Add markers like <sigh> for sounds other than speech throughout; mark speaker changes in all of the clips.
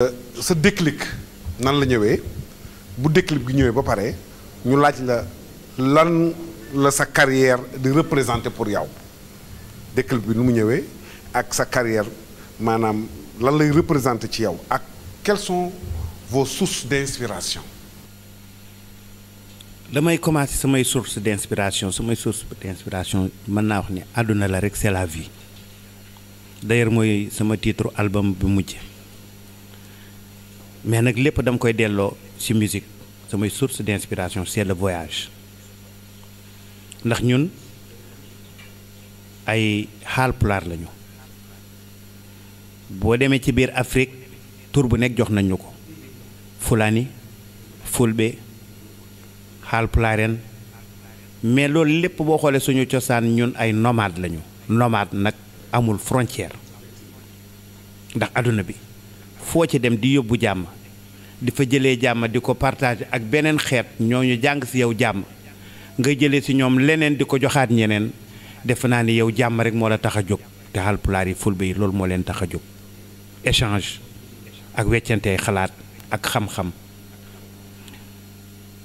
Speaker 1: Euh, sa déclic nan la ñëwee bu déclic bi ñëwee ba pare ñu laaj la lan la sa carrière di représenter pour yow déclic bi nu mu ñëwee ak sa carrière maanaam lan lay représenter ci yow ak
Speaker 2: quelles sont vos sources d'inspiration. damay commencer samay source d'inspiration samay source d'inspiration mën naa wax ni àdduna la rek c'est la vie d'ailleurs mooy sama titre album bi mujj. mais nag lépp dama koy delloo ci musique samay source d'inspiration c'est le voyage ndax ñun ay haalpulaar lañu boo demee ci biir Afrique tur bu nekk jox nañ ñu ko Fulani Fulbe haalpulaaren mais loolu lépp boo xoolee suñu cosaan ñun ay nomade lañu nomade nag amul frontière ndax àdduna bi foo ci dem di yóbbu jàmm di fa jëlee jàmm di ko partager ak beneen xeet ñooñu jàng si yow jàmm nga jëlee si ñoom leneen di ko joxaat ñeneen defe naa ni yow jàmm rek moo la tax a jóg te Haalpulaar yi Fulbe yi loolu moo leen tax a jóg échange ak weccantey xalaat ak xam-xam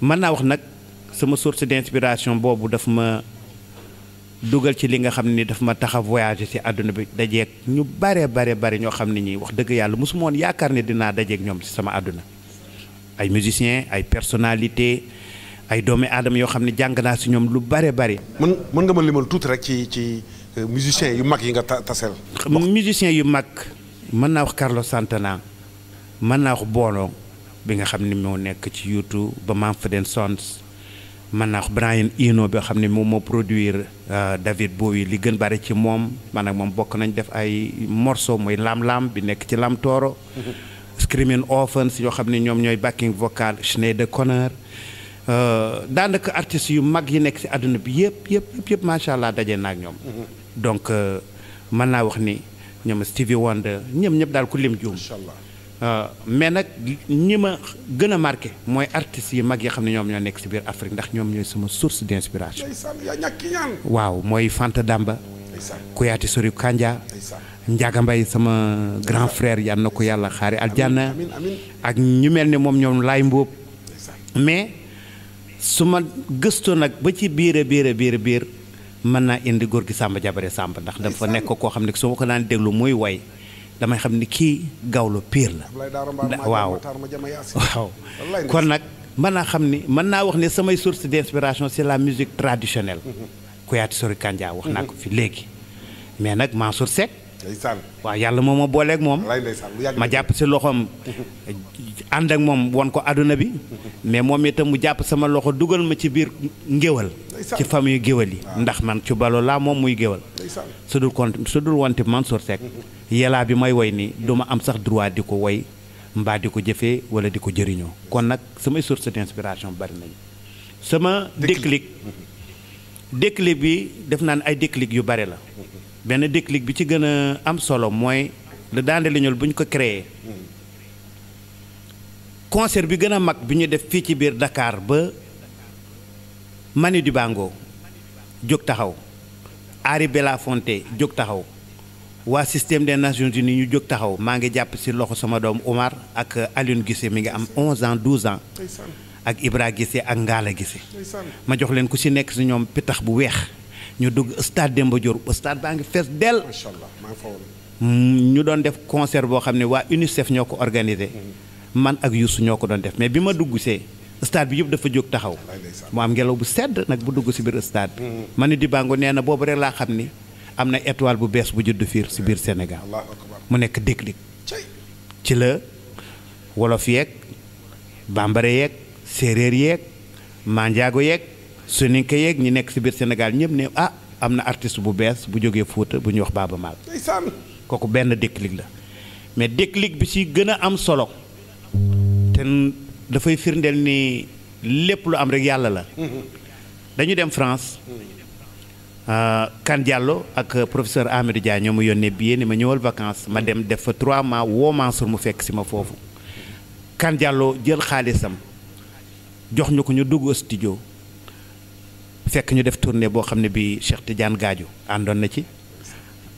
Speaker 2: mën naa wax nag sama source d'inspiration boobu dafa ma dugal ci li nga xam ni daf ma tax a voyager ci àdduna bi dajeeg ñu bare bare bare ñoo xam ne ñi wax dëgg yàlla mosumoon yaakaar ne dinaa dajeeg ñoom ci sama àdduna ay musiciens ay personnalités ay doomi aadama yoo xam ne jàng naa si ñoom lu bare bare. mën mën nga ma limal tuuti rek ci ci euh, musiciens yu mag yi nga taseel. musiciens yu mag mën naa wax Carlos Santana mën naa wax Bono bi nga xam ne moo nekk ci YouTube ba Mumford Sons mën naa wax Brian Eno bi xam ne moom moo produire euh, David Bowie li gën bare ci moom man ak moom bokk nañ def ay morso mooy laam lam bi nekk ci Lam Tooro. Mhm. Screaming Orphans yoo xam ne ñoom ñooy backing vocal Sinead O'Connor euh, daanaka artistes yu mag yi nekk ci àdduna bi yëpp yëpp yëpp macha allah daje na ak ñoom. Mm-hmm. donc euh, mën naa wax ni ñoom Stevie Wonder ñoom ñëpp daal ku lim juum. Euh, mais nag ñi ma gën a marqué mooy artistes yi mag yi xam ne ñoom ñoo nekk ci biir Afrique ndax ñoom ñooy sama source d'inspiration. waaw mooy fant Damba. Kouyaté Soriou Kandia Ndiaga Mbaye sama grand frère yal na ko yàlla xaare aljanna ak ñu mel ni moom ñoom laay mbóob mais su ma gëstoo nag ba ci biir a biir biir mën naa indi góor gi Samba Jabare Samba ndax dafa nekk koo xam ne su ko daan déglu muy way damay xam ni kii gawlo piir la waaw waaw kon nag mën naa xam ni mën naa wax ne samay source d'inspiration c'est la musique traditionnelle mhm. Kouyaté Sori Kandia wax naa ko fi léegi mais nag Mansour Seck ndeysaan waaw yàlla moom ma booleeg moom ma jàpp si loxoom ànd ak moom won ko àdduna bi mais moom itam mu jàpp sama loxo dugal ma ci biir ngéwal ci famille géwal yi ndax man ci balo laa moom muy géwal su dul kont su dul wonte Mansour Seck yelaa bi may woy nii duma am sax droit di ko woy mbaa di ko jëfe wala di ko jëriñoo kon nag samay source d'inspiration bari nañu sama déclic déclic bi def naa ne ay déclic yu bare la benn déclic bi ci gën a am solo mooy le Daande Liñul bu ñu ko créé concert bi gën a mag bi ñu def fii ci biir dakaar ba Manu Dibango jóg taxaw Ari Belafonte jóg taxaw waa système des nations unies ñu jóg taxaw maa ngi jàpp si loxo sama doom Omar ak aline Guissé mi ngi am 11 ans 12 ak Ibra Guissé ak Ngaala Guissé ma jox leen ku si nekk si ñoom pitax bu weex ñu dugg stade Demba Diop stade baa ngi fees dell. macha allah maa mm, ñu doon def concert boo xam ne waa UNICEF ñoo ko organisé. Mm-hmm. man ak Youssou ñoo ko doon def mais bi ma dugg see. stade bi yëpp dafa jóg taxaw. mu am ngelaw bu sedd nag bu dugg si biir stade bi. Mm-hmm. ma ne Dibango nee na boobu rek laa xam ni am na étoile bu bees bu juddu fiir si biir mm-hmm. Sénégal. mu nekk déclic. ci la wolof yeeg bambara yeeg séeréer yeeg manjaago yeeg soninke yeeg ñi nekk si biir Sénégal ñëpp ah, am na artiste bu bees bu jógee Fuuta bu ñuy wax Baaba Maal kooku benn déclic la mais déclic bi ci gën a am solo te dafay firndeel ni lépp lu am rek yàlla la mm-hmm. dañu dem France mm-hmm. euh, Kan Diallo ak euh, professeur Amadou Dia ñoo mu yónnee billet ni ma ñëwal vacances ma dem def fa trois mois woo Mansour mu fekk ci ma foofu Kan Diallo jël xaalisam jox ñu ko ñu dugg studio fekk ñu def tournée boo xam ne bi Cheikh Tidiane Gadio àndoon na ci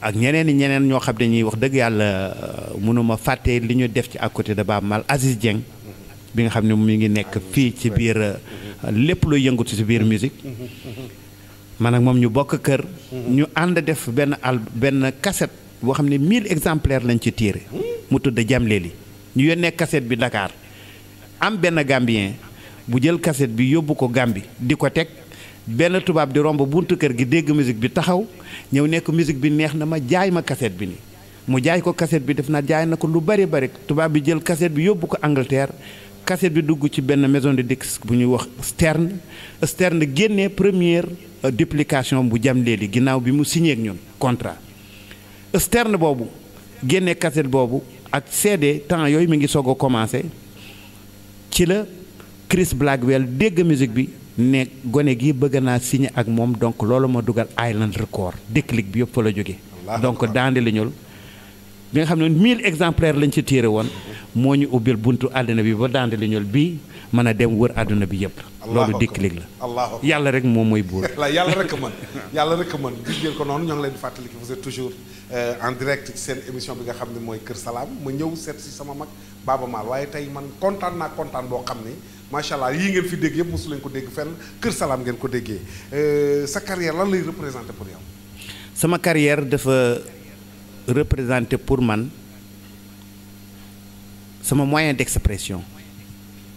Speaker 2: ak ñeneen i ñeneen ñoo xam ne ñi wax dëgg yàlla euh, mënuma fàtte li ñu def ci ak côté de Baaba Maal Aziz bi nga xam ne mu ngi nekk fii ci biir euh, lépp luy yëngu ci biir musique man ak moom ñu bokk kër ñu ànd def benn al benn cassette boo xam ne mille exemplaires lañ ci tiire mu tudd Jamléli ñu yónnee cassette bi ndakaar am benn Gambien bu jël kaset bi yóbbu ko Gambie di ko teg benn tubaab di romb buntu kër gi dégg musique bi taxaw ñëw nekk musique bi neex na ma jaay ma kaset bi ni mu jaay ko kaset bi def na jaay na ko lu bari bari tubaab bi jël kaset bi yóbbu ko Angleterre kaset bi dugg ci benn maison de disque bu ñuy wax Stern Stern génne première euh, duplication bu Jamléeli ginnaaw bi mu signé ak ñun contrat Stern boobu génne kaset boobu ak CD temps yooyu mi ngi soog a commencé ci la Chris Blackwell dégg musique bi ne gone gi bëgg naa signé ak moom donc loolu ma dugal Island Record déclic bi yëpp fa la jóge donc daandi li ñul bi nga xam ne mille exemplaires lañ ci téere woon moo ñu ubbil buntu àddina bi ba daandi li ñul bii mën a dem wër àdduna bi yëpp loolu déclic la yàlla rek moom mooy buur <laughs>
Speaker 1: yàlla rek mën yàlla rek mën gis ngeen noonu ñoo ngi leen di fàttali ki vous êtes toujours euh, émission bi nga xam ne mooy Kër Salaam ma ñëw seet si sama mag Baaba Maal waaye tey man kontaan naa kontaan boo xam ne macha allah yii ngeen fi dégg yëpp mosu leen ko dégg fenn Kër
Speaker 2: Salaam ngeen ko déggee
Speaker 1: euh, sa carrière lan lay représenté pour yow.
Speaker 2: sama carrière dafa représenté pour man sama moyen d'expression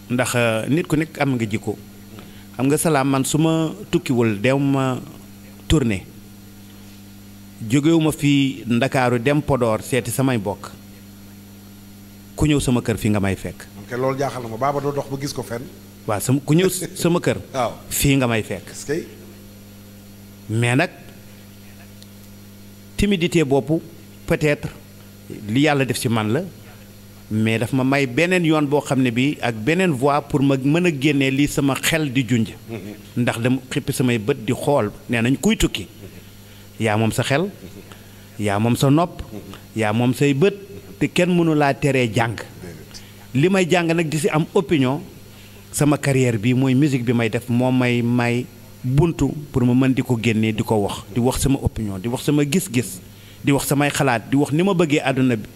Speaker 2: ndax euh, nit ku nekk am nga jikko xam nga salaam man su ma tukkiwul dem ma tournée jógewuma fi Ndakaaru dem Podor seeti samay bokk ku ñëw sama kër fi nga may fekk
Speaker 1: te loolu jaaxal na ma baaba doo dox ba gis ko fenn.
Speaker 2: waa sama ku <laughs> sama kër. waaw fii nga may fekk. mais nag timidité boppu peut-être li yàlla def ci man la mais daf ma may beneen yoon boo xam ne bii ak beneen voie pour ma mën a génnee lii sama xel di junj. Mm-hmm. ndax dama xippi samay bët di xool nee nañ kuy tukki. Mm-hmm. yaa moom sa xel. Mm-hmm. yaa moom sa nopp. yaa moom say bët. te kenn mënu laa teree jàng. li may jàng nag di si am opinion sama carrière bi mooy musique bi may def moo may may buntu pour ma mën di ko génnee di ko wax di wax sama opinion di wax sama gis-gis di wax samay xalaat di wax ni ma bëggee àdduna bi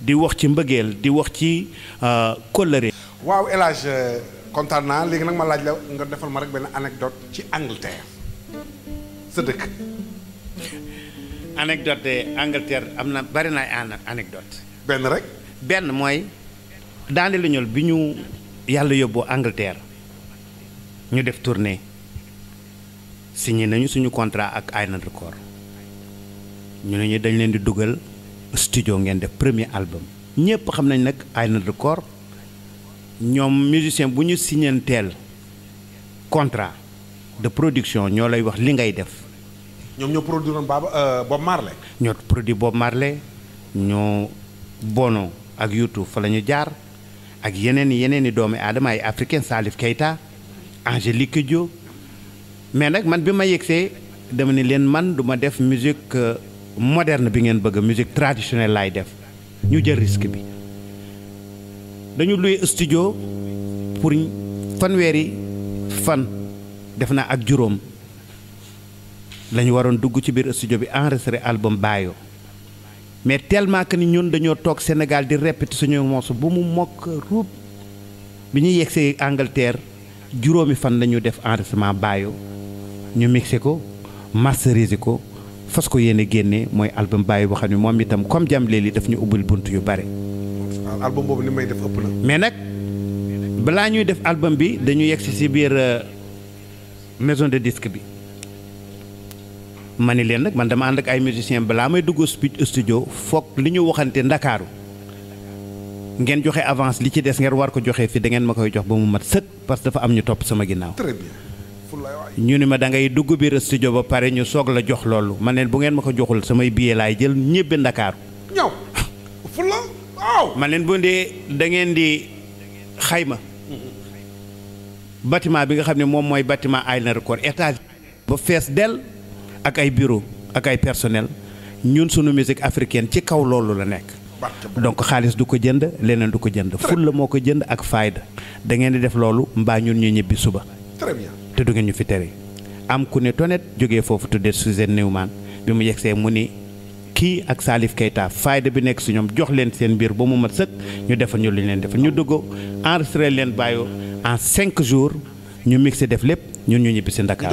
Speaker 2: di wax ci mbëgeel di wax ci euh, kóllëre
Speaker 1: waaw El Hadj euh, kontaan naa léegi nag ma laaj la nga defal ma rek benn anecdote
Speaker 2: ci Angleterre sa dëkk anecdote de am na bari na ay anecdote benn rek benn mooy daane la ñol bi ñu yàlla yóbboo Angleterre ñu def tournée signé nañu suñu contrat ak Island Record ñu ne ñu dañ leen di dugal studio ngeen def premier album ñëpp xam nañ nag Island Record ñoom musicien bu ñu signanteel contrat de production ñoo lay wax li ngay def.
Speaker 1: ñoom ñoo produiroon euh,
Speaker 2: ñoo produit Bob Marley ñoo Bono ak YouTube fa la ñu jaar. ak yeneen yeneen i doomi aadama ay africain Salif Keita Angélique Dio mais nag man bi ma yegsee dama ni leen man duma ma def musique euh, moderne bi ngeen bëgg musique traditionnelle laay def ñu jël risque bi dañu luy studio pour fanweeri fan def naa ak juróom lañu waroon dugg ci biir studio bi enregistré album Bayo mais tellement que ni ñun dañoo toog Sénégal di répété suñu moosu bu mu mokk ruub bi ñuy yegsee Angleterre juróomi fan la ñu def enregistrement baayo ñu mixé ko masterisé ko fas ko yéene génne mooy album baayo boo xam ne moom itam comme jam léegi daf ñu ubbil bunt yu bare.
Speaker 1: waaw boobu li may def ëpp na.
Speaker 2: mais nag balaa ñuy def album bi dañu yegsi si biir euh, maison de disque bi. man ni leen nag man dama ànd ak ay musicien balaa may dugg studio foog li ñu waxante ndakaaru ngeen joxe avance li ci des ngeen war ko joxe fi da ngeen ma koy jox ba mu mat sëkk parce que dafa am ñu topp sama ginnaaw. ñu ni ma da ngay dugg biir studio ba pare ñu soog la jox loolu ma ne bu ngeen ma ko joxul samay billet laay jël ñëbbi ndakaaru. ñëw fu la waaw. leen boo dee dangeen di xayma. Mm-hmm. bâtiment bi nga xam ne moom mooy bâtiment Island Record étage ba fees dell. ak ay bureau ak ay personnel ñun sunu musique africaine ci kaw loolu la nekk donc xaalis du ko jënd leneen du ko jënd fulla moo ko jënd ak fayda da ngeen di def loolu mbaa ñun ñu ñibbi suba te du ngeen ñu fi tere am ku ne tonet jógee foofu tuddee su Suzanne Newman bi mu yegsee mu ni kii ak saalif Keita fayda bi nekk si ñoom jox leen seen mbir ba mu mat sëkk ñu defal ñu lu leen def ñu dugg enregistré leen bàyyoo en cinq jours ñu mixé def lépp ñun ñu ñibbi si Ndakaar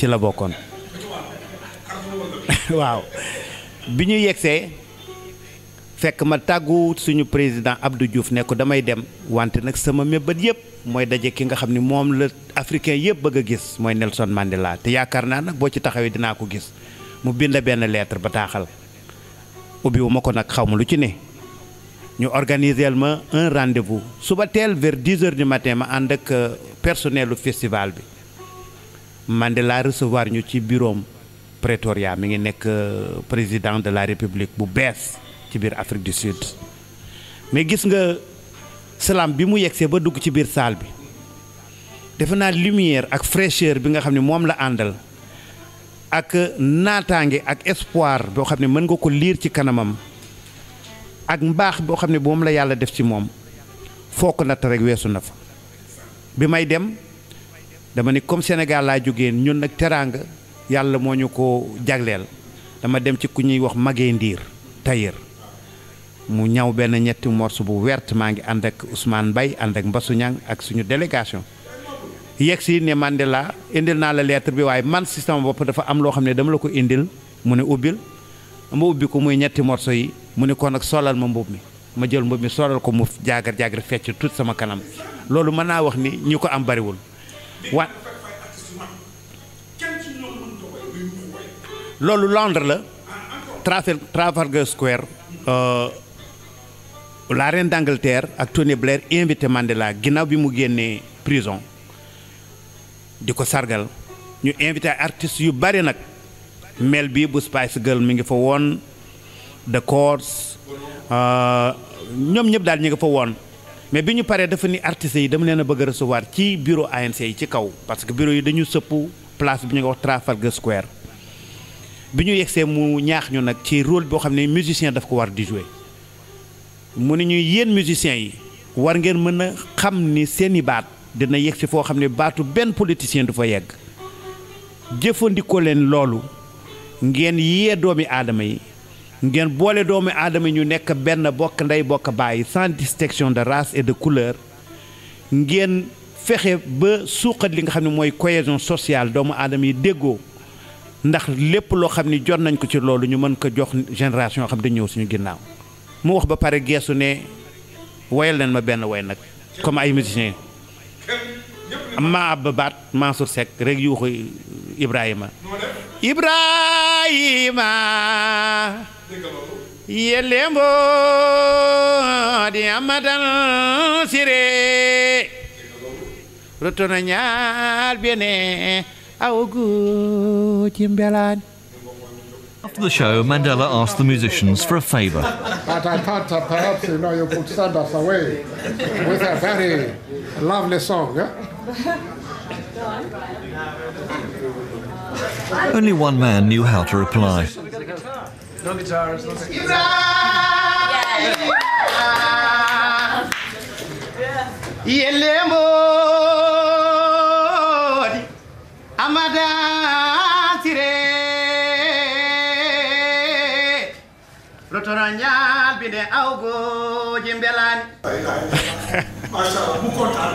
Speaker 2: ci la bokkoon <laughs> waaw bi ñu yegsee fekk ma tàggu suñu président abdu juf ne ko damay dem wante nag sama mébét yëpp mooy daje ki nga xam ne moom la africain yëpp bëgg a gis mooy Nelson Mandela te yaakaar naa nag boo ci taxawee dinaa ko gis mu bind benn lettre ba taaxal ubbiwu ma ko nag xaw ma lu ci ne ñu organiseel ma un rendez suba teel vers 10 heures du matin ma ànd ak euh, personnelu festival bi Mandela recevoir ñu ci bureau am mi ngi nekk euh, président de la république bu bees ci biir Afrique du Sud mais gis nga salaam bi mu yegsee ba dugg ci biir salle bi defe naa lumière ak fraîcheur bi nga xam ne moom la àndal ak naataange ak espoir boo xam ne mën nga ko liir ci kanamam ak mbaax boo xam ne moom la yàlla def ci moom foo ko natt rek weesu na fa bi may dem. dama ne comme Sénégal laa jógee ñun nag teraanga yàlla moo ñu ko jagleel dama dem ci ku ñuy wax magee ndiir tailleur mu ñaw benn ñetti morceau bu wert maa ngi ànd ak Ousmane Mbaye ànd ak Mbassou ak suñu délégation yegg si ne Mandela indil naa la lettre bi waaye man si sama bopp dafa am loo xam ne dama la ko indil mu ne ubbil ma ubbi ko muy ñetti morceau yi mu ne kon nag solal ma mbub mi ma jël mbub mi solal ko mu jaagar jaagar fecc tout sama kanam loolu mën naa wax ni ñi ko am bariwul wa loolu Londres la ah, trafe Trafalgar Square euh, la reine d'Angleterre ak Tony Blair invité Mandela ginnaaw bi mu génnee prison di ko sargal ñu invité artistes yu bari nag mel bii bu Spice Girl mi ngi fa woon The Corrs euh, ñoom ñëpp daal ñu ngi fa woon mais bi ñu paree dafa ni artistes yi dama leen a bëgg a ci bureau ANC yi ci kaw parce que bureau yi dañu sëpp place bi ñu wax Trafalgar Square bi ñu yegsee mu ñaax ñu nag ci rôle boo xam ne musicien dafa ko war di jouer mu ne ñuy yéen musiciens yi war ngeen mën a xam ni seeni baat dina yegg si foo xam ne baatu benn politicien du fa yegg jëfandikoo leen loolu ngeen yee doomi aadama yi ngeen boole doomu aadama ñu nekk benn bokk ndey bokk bàyyi sans distinction de race et de couleur ngeen fexe ba suuqat li nga xam ne mooy cohésion sociale doomu aadama yi déggoo ndax lépp loo xam ni jot nañ ko ci loolu ñu mën ko jox génération xam dañ ñëw suñu ginnaaw mu wax ba pare geesu ne woyal leen ma benn woy nag comme ay musiciens maa ab baat Mansour Seck rek yuuxu Ibrahima Ibrahima yellembo di amadan sire rotono ñalbene awogu cimbelani
Speaker 1: After the show, Mandela asked the musicians for a favor. But I thought uh, perhaps you know you could send us away with a very lovely song. Eh? Only one man knew how to reply.
Speaker 2: No guitars, no guitars. Yes. Yelle modi amada sire rotoranyal mu kontaan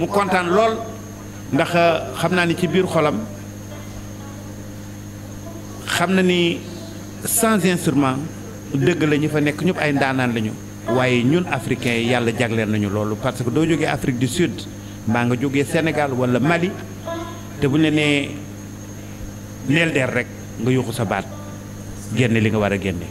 Speaker 2: mu kontaan lool ndax eh, xam naa ni ci biir xolam xam na ni sans instrument dëgg la ñu fa nekk ñëpp ay ndaanaan lañu waaye ñun africains yi yàlla jagleel nañu loolu parce que doo jógee Afrique du Sud mbaa nga jógee Sénégal wala Mali te bu ñu la nee rek nga yuuxu sa baat génne li nga war a génne.